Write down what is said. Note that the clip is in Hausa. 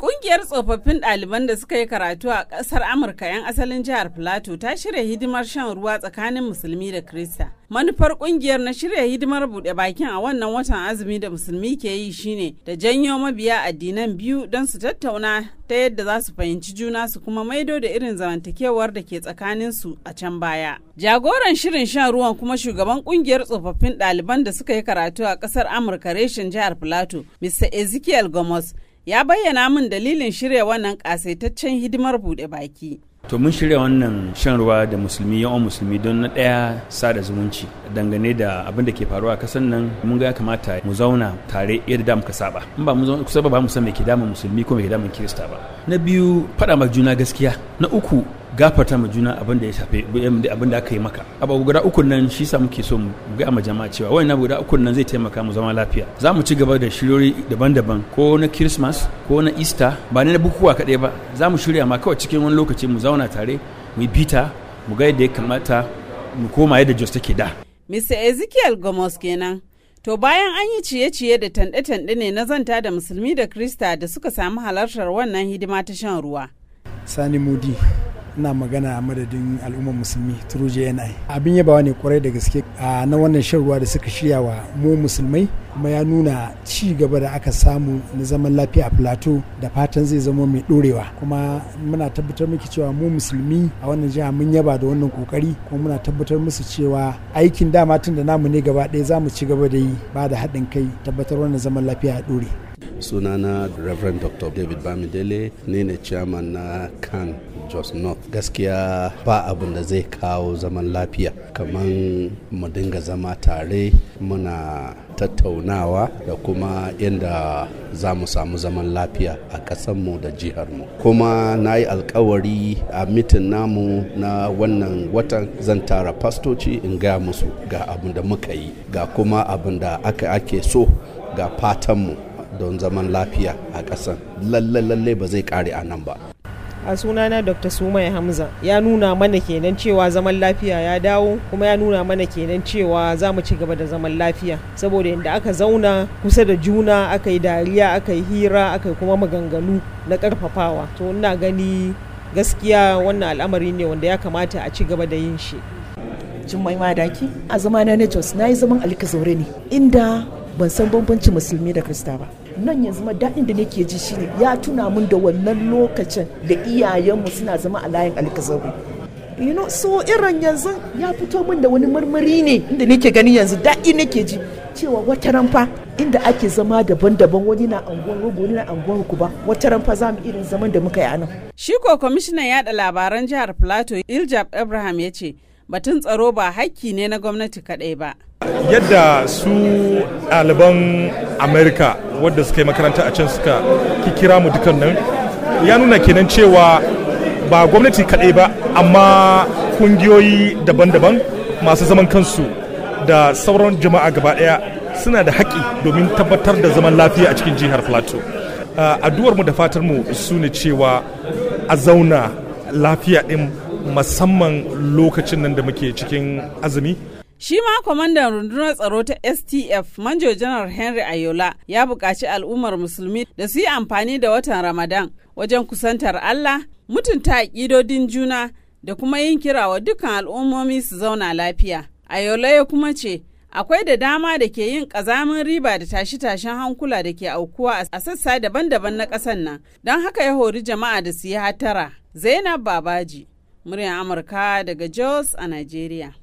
Kungiyar tsofaffin ɗaliban da suka yi karatu a ƙasar Amurka 'yan asalin jihar Plateau ta shirya hidimar shan ruwa tsakanin musulmi da Kirista. Manufar kungiyar na shirya hidimar buɗe bakin a wannan watan azumi da musulmi ke yi shine da janyo mabiya addinan biyu don su tattauna ta yadda za su fahimci juna su kuma maido da irin zamantakewar da ke tsakanin su a can baya. Jagoran shirin shan ruwan kuma shugaban kungiyar tsofaffin ɗaliban da suka yi karatu a ƙasar Amurka reshen jihar Plateau, Mr. Ezekiel Gomez ya bayyana min dalilin shirya wannan kasaitaccen hidimar buɗe baki. To mun shirya wannan shan ruwa da musulmi yawan musulmi don na ɗaya sada zumunci dangane da abin da ke faruwa a ƙasar nan mun ga ya kamata mu zauna tare yadda da muka saba in ba mu zauna kusa ba mu san me ke damun musulmi ko me ke damun kirista ba na biyu faɗa ma juna gaskiya na uku gafarta ma juna abin da ya shafe abin da aka yi maka abu guda uku nan shi sa muke so mu ga ma jama'a cewa wannan guda uku nan zai taimaka mu zama lafiya za mu ci gaba da shirori daban-daban ko na christmas ko na easter ba na bukukuwa kaɗai ba za mu shirya ma kawai cikin wani lokaci mu zauna tare mu yi bita mu ga yadda ya kamata mu koma yadda jos take da mr ezekiel gomos kenan To bayan an yi ciye-ciye da tanɗe-tanɗe ne na zanta da musulmi da krista da suka samu halartar wannan hidima ta shan ruwa. Sani Mudi. ina magana a madadin al'ummar musulmi through jni abin yabawa ne kwarai da gaske a na wannan shan ruwa da suka shirya wa mu musulmai kuma ya nuna ci gaba da aka samu na zaman lafiya a plateau da fatan zai zama mai dorewa kuma muna tabbatar miki cewa mu musulmi a wannan jiha mun yaba da wannan kokari kuma muna tabbatar musu cewa aikin dama tun da namu ne gaba ɗaya za mu ci gaba da yi ba da haɗin kai tabbatar wannan zaman lafiya a dore sunana reverend dr david bamidele ne ne chairman na kan jos north gaskiya ba abin da zai kawo zaman lafiya kamar mu dinga zama tare muna tattaunawa da kuma inda za mu samu zaman lafiya a ƙasanmu da jihar mu kuma na yi alkawari a mitin namu na wannan watan zan tara fastoci in gaya musu ga abin da muka yi ga kuma abin da aka ake so ga fatanmu don zaman lafiya a ƙasan lalle lalle ba zai kare a nan ba a sunana dr sumai hamza ya nuna mana kenan cewa zaman lafiya ya dawo kuma ya nuna mana kenan cewa za mu ci gaba da zaman lafiya saboda yadda aka zauna kusa da juna aka yi dariya aka yi hira aka yi kuma maganganu na karfafawa to ina gani gaskiya wannan al'amari ne wanda ya kamata a ci gaba da yin shi jummai madaki a zamana na jos na yi zaman alkazaure ne inda ban san bambancin musulmi da krista ba nan yanzu ma daɗin da nake ji shine ya tuna mun da wannan lokacin da iyayenmu suna zama a layin alkazabu you know so irin yanzu ya fito mun da wani marmari ne inda nake gani yanzu daɗi nake ji cewa wata ranfa inda ake zama daban-daban wani na anguwar rogo wani na anguwar kuba wata ranfa za mu irin zaman da muka yi anan. shi ko kwamishinan yada labaran jihar plateau iljab ibrahim ya ce batun tsaro ba hakki ne na gwamnati kaɗai ba yadda su ɗaliban amerika wadda suka yi makaranta a can suka kira mu dukan nan ya nuna kenan cewa ba gwamnati kaɗai ba amma ƙungiyoyi daban-daban masu zaman kansu da sauran jama'a gaba ɗaya suna da haƙi domin tabbatar da zaman lafiya a cikin jihar plateau addu'ar mu da fatar mu su ne cewa a zauna lafiya ɗin musamman lokacin nan da muke cikin azumi Shi ma kwamandan rundunar tsaro ta STF Manjo Janar Henry Ayola ya buƙaci al'ummar musulmi da su yi amfani da watan Ramadan wajen kusantar Allah, mutunta ƙidodin juna da kuma yin kira wa dukkan al'ummomi su zauna lafiya. Ayola ya kuma ce, akwai da dama da ke yin ƙazamin riba da tashi-tashen hankula da ke aukuwa a sassa daban-daban na ƙasar nan, don haka ya hori jama'a da su yi hatara. Zainab Babaji, muryar Amurka daga Jos a Najeriya.